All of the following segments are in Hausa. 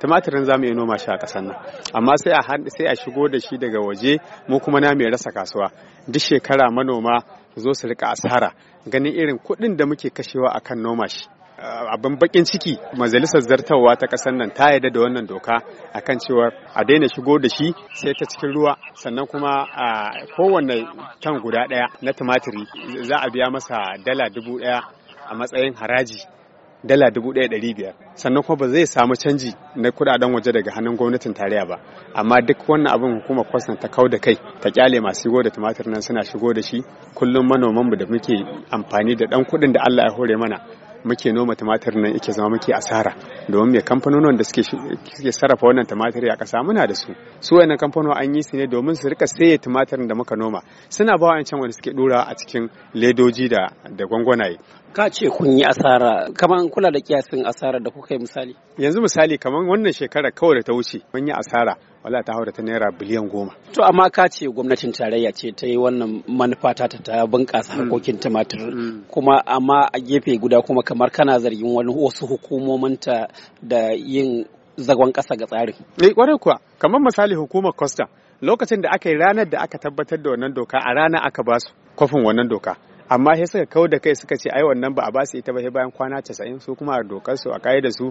tumatirin za mu iya noma shi a ƙasar nan amma sai a a shigo da shi daga waje mu kuma na mai rasa kasuwa duk shekara manoma zo su rika asara ganin irin kuɗin da muke kashewa akan noma shi ah, abin bakin ciki majalisar zartarwa ta kasar nan ta yarda da wannan doka akan cewa a daina shigo da shi sai ta cikin ruwa sannan kuma a ah, kowanne tan guda ɗaya na tumatiri za a biya masa dala dubu ɗaya a matsayin haraji dala dubu ɗaya ɗari biyar sannan kuma ba zai samu canji na kuɗaɗen waje daga hannun gwamnatin tarayya ba amma duk wannan abin hukumar kwastan ta kau da kai ta kyale masu shigo da tumatir nan suna shigo da shi kullum manomanmu da muke amfani da ɗan kuɗin da Allah ya hore mana muke noma tumatir nan yake zama muke asara domin mai kamfanonin da suke sarrafa wannan tumatir a kasa muna da su su wani kamfano an yi su ne domin su rika saye tumatirin da muka noma suna ba wa can wanda suke dora a cikin ledoji da da gwangwanaye ka ce kun yi asara kamar kula da kiyasin asara da kuka yi misali yanzu misali kamar wannan shekarar kawai da ta wuce mun yi asara wala ta haura ta naira biliyan goma. To amma ka ce gwamnatin tarayya ce ta yi wannan manufa ta ta bunƙasa mm. harkokin tumatir mm. kuma amma a gefe guda kuma kamar kana zargin wani wasu hukumominta da yin zagon ƙasa ga tsarin. Ne eh, kwarai kuwa kamar misali hukumar Costa lokacin da aka yi ranar da aka tabbatar da wannan doka a rana aka basu su kwafin wannan doka amma sai suka kau da kai suka ce ai wannan ba a ba su ita ba sai bayan kwana 90 su kuma a dokar su a da su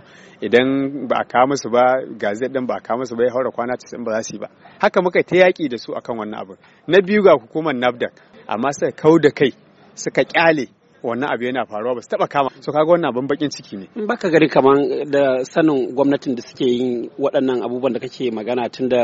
idan ba a kawo musu ba gazet din ba a kawo musu ba ya haura kwana 90 ba za su yi ba haka muka ta yaki da su akan wannan abu na biyu ga hukumar nafdak amma suka kau da kai suka kyale wannan abu yana faruwa ba su taba kama so kaga wannan abin bakin ciki ne in baka gari kaman da sanin gwamnatin da suke yin waɗannan abubuwan da kake magana tun da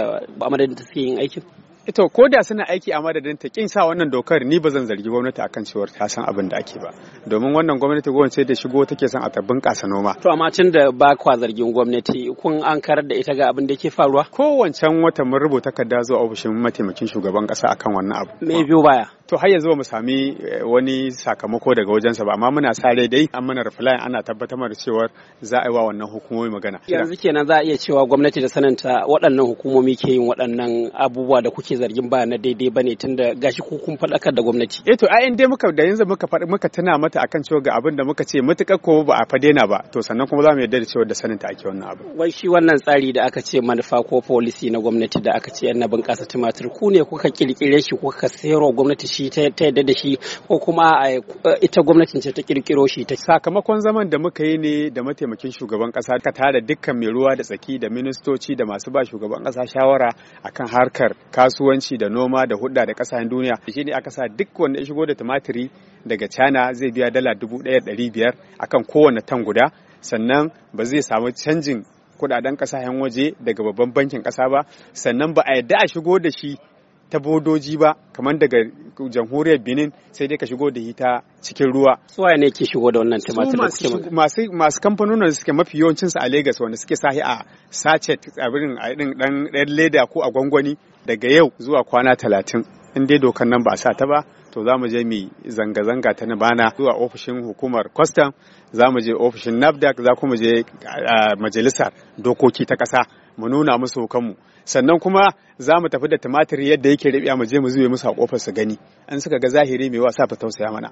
amadadin da suke yin aikin ita ko da suna aiki a madadin ta kin sa wannan dokar ni ba zan zargi gwamnati akan cewar ta san abin da ake ba domin wannan gwamnati gwamnati sai da shigo take san a tabbin kasa noma to amma tun da ba kwa zargin gwamnati kun an karar da ita ga abin da ke faruwa ko wancan wata mun rubuta takarda zuwa ofishin mataimakin shugaban kasa akan wannan abu me biyo baya to har yanzu ba mu sami eh, wani sakamako daga wajensa ba amma muna sa rai dai an mana reply ana tabbatar da cewa za a yi wa wannan hukumomi magana yanzu kenan za a iya cewa gwamnati da sananta waɗannan hukumomi ke yin waɗannan abubuwa da kuke zargin ba na daidai ba ne tunda gashi ku kun faɗakar da gwamnati eh to ai dai muka da yanzu muka faɗi muka tuna mata akan cewa ga abin da muka ce mutukar ko ba a fadena ba to sannan kuma za mu yarda da cewa da saninta ake wannan abu wai shi wannan tsari da aka ce manufa ko policy na gwamnati da aka ce yan bunƙasa tumatir ku ne kuka kirkire shi kuka sayarwa gwamnati shi shi ta yadda da shi ko kuma eh, ita gwamnatin ce ta kirkiro shi ta sakamakon zaman da muka yi ne da mataimakin shugaban kasa ka tare dukkan mai ruwa da tsaki da ministoci da masu ba shugaban kasa shawara akan harkar kasuwanci da noma da hudda da kasashen duniya shi ne aka sa duk wanda ya shigo da tumatiri daga China zai biya dala dubu ɗaya ɗari biyar akan kowane tan guda sannan ba zai samu canjin kudaden kasashen waje daga babban bankin kasa ba sannan ba a yadda a shigo da shi ta bodoji ba kamar daga jamhuriyar benin sai dai ka shigo da ita cikin ruwa su ne ke shigo da wannan tumatir da suke masu masu kamfanonin da suke mafi yawancin su a Lagos wanda suke sahi a sachet birnin a din dan leda ko a gwangwani daga yau zuwa kwana talatin in dai dokar nan ba a sa ta ba to za mu je mu zanga-zanga ta na bana. zuwa ofishin hukumar kwastam za mu je ofishin nafdac za kuma je majalisar dokoki ta ƙasa mu nuna musu kanmu sannan kuma za mu tafi da tumatir yadda yake rabiya mu je mu zube musu a kofar su gani an suka ga zahiri mai wasa fa tausaya mana